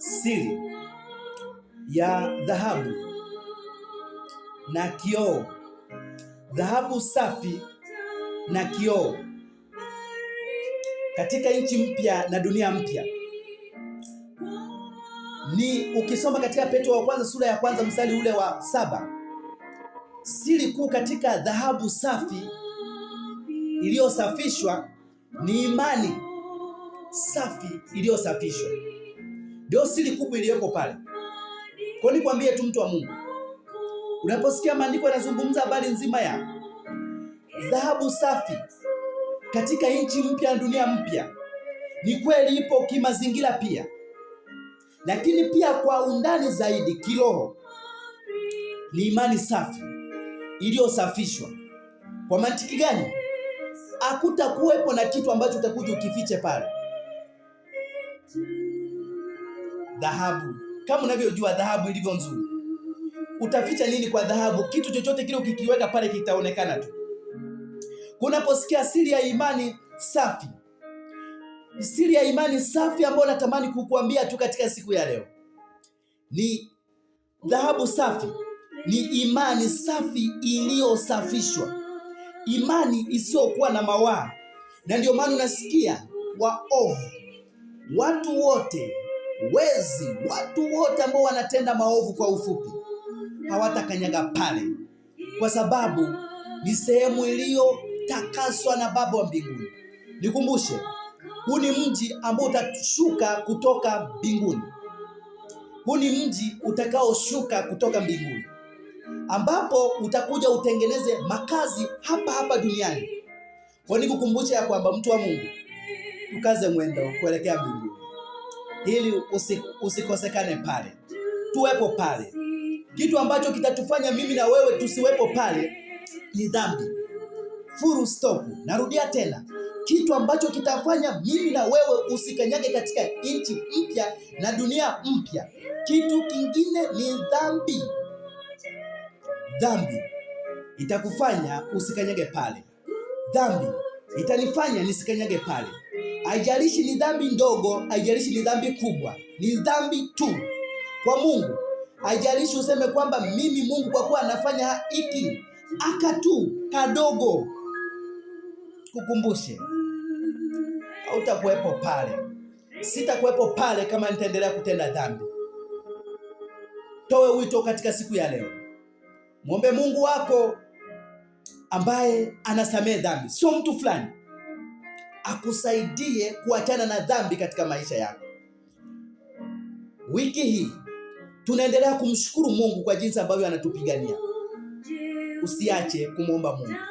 siri ya dhahabu na kioo, dhahabu safi na kioo, katika nchi mpya na dunia mpya. Ni ukisoma katika Petro wa kwanza sura ya kwanza mstari ule wa saba, siri kuu katika dhahabu safi iliyosafishwa ni imani safi iliyosafishwa. Ndio siri kubwa iliyoko pale. Kwa nini kwambie tu mtu wa Mungu? Unaposikia maandiko yanazungumza habari nzima ya dhahabu safi katika nchi mpya, dunia mpya, ni kweli ipo kimazingira pia, lakini pia kwa undani zaidi kiroho ni imani safi iliyosafishwa. Kwa mantiki gani? Hakutakuwepo na kitu ambacho utakuja ukifiche pale dhahabu. Kama unavyojua dhahabu ilivyo nzuri, utaficha nini kwa dhahabu? Kitu chochote kile ukikiweka pale kitaonekana tu. Kunaposikia siri ya imani safi, siri ya imani safi ambayo natamani kukuambia tu katika siku ya leo ni dhahabu safi, ni imani safi iliyosafishwa, imani isiyokuwa na mawaa. Na ndio maana unasikia waovu, watu wote wezi, watu wote ambao wanatenda maovu, kwa ufupi, hawatakanyaga pale, kwa sababu ni sehemu iliyotakaswa na Baba wa mbinguni. Nikumbushe, huu ni mji ambao utashuka kutoka mbinguni. Huu ni mji utakaoshuka kutoka mbinguni, ambapo utakuja utengeneze makazi hapa hapa duniani. Kwa nikukumbusha ya kwamba mtu wa Mungu, tukaze mwendo kuelekea mbinguni ili usi, usikosekane pale, tuwepo pale. Kitu ambacho kitatufanya mimi na wewe tusiwepo pale ni dhambi, full stop. Narudia tena, kitu ambacho kitafanya mimi na wewe usikanyage katika nchi mpya na dunia mpya, kitu kingine ni dhambi. Dhambi itakufanya usikanyage pale, dhambi itanifanya nisikanyage pale. Haijalishi ni dhambi ndogo, haijalishi ni dhambi kubwa, ni dhambi tu kwa Mungu. Haijalishi useme kwamba mimi Mungu kwa kuwa anafanya hiki tu kadogo, kukumbushe hautakuwepo pale, sitakuwepo pale kama nitaendelea kutenda dhambi. Toe wito katika siku ya leo, mwombe Mungu wako ambaye anasamehe dhambi, sio mtu fulani akusaidie kuachana na dhambi katika maisha yako. Wiki hii tunaendelea kumshukuru Mungu kwa jinsi ambavyo anatupigania. Usiache kumwomba Mungu.